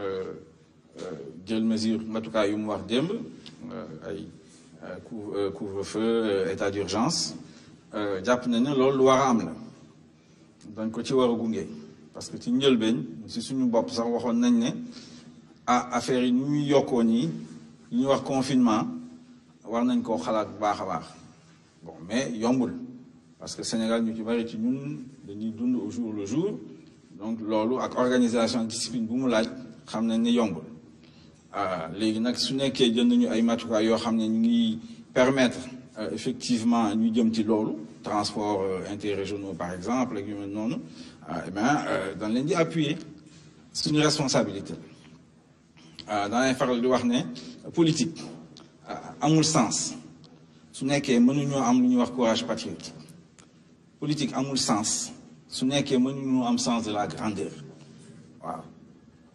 Euh, euh, jël mesure matukaay yu mu wax démb euh, ay couvre-feu état d'urgence jàpp nañ ne loolu lu war a am la dañ ko ci war a gunge parce que ci njëlbeen si suñu bopp sax waxoon nañ ne ah affaire yi ñuy yokkoo nii wax confinement war nañ koo xalaat baax a baax bon mais yombul parce que Sénégal ñu ci bari ci ñun dañuy dund au jour le jour donc loolu ak organisation discipline bu mu laaj xamne ni ne ah léegi nak su nekké jël ñu ay matukaay yo xam ñu ngi permettre euh, effectivement ñu jëm ci lolu transport euh, interrégionaux par exemple ak yu ah noonu eh bien dans leen appuyé, appuyer suñu responsabilité Dans les faral di wax né politique amul sens su mënu ñu am lu ñu wax courage patriotique politique amul sens su que mënuñoo am sens de la grandeur waaw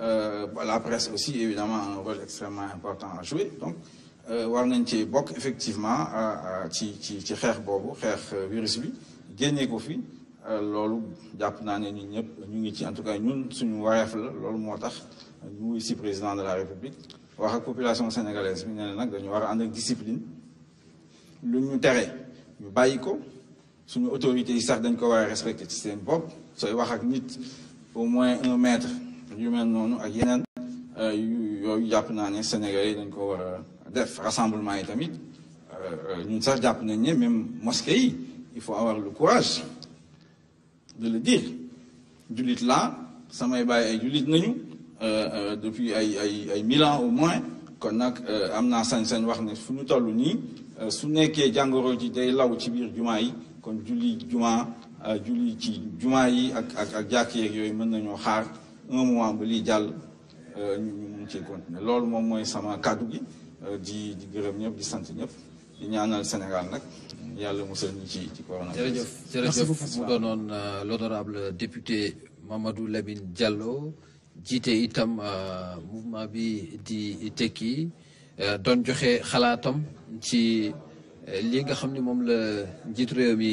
Euh, la presse aussi, évidemment, a un rôle extrêmement important à jouer. Donc, euh, war nañ effectivement ci ci euh, virus bi ko fi lolu en tout cas ñun suñu la président de la république wax ak population sénégalaise mi a discipline luñu téré ñu bayiko suñu autorité, sax ci seen au moins un mètre yu mel noonu ak yeneen euh, yu yooyu Sénégalais dañ ko war def rassemblement et tamit euh, euh, ñun sax jàpp nañ ne même mosquée il faut avoir le courage de le dire jullit laa samay bàyyi ay jullit nañu depuis ay ay ay mille ans au moins kon nak amna sañ-sañ wax ne fu ñu toll nii su nekké jangoro ji day law ci bir juma yi kon julli juma julli ci juma yi ak ak ak jàkk yeeg yooyu mën nañoo xaar un mois ba lii jàll euh, ñu mun cee continuer loolu moom mooy sama cadeau gi euh, di di gërëm ñëpp di sant ñëpp di ñaanal Sénégal nak yalla musal ñu ci ci corona jërëjëf jërëjëf mu do non euh, l'honorable député Mamadou labine Diallo jité itam mouvement bi di teki don joxé xalaatam ci li nga xamni mom la jitt réew mi.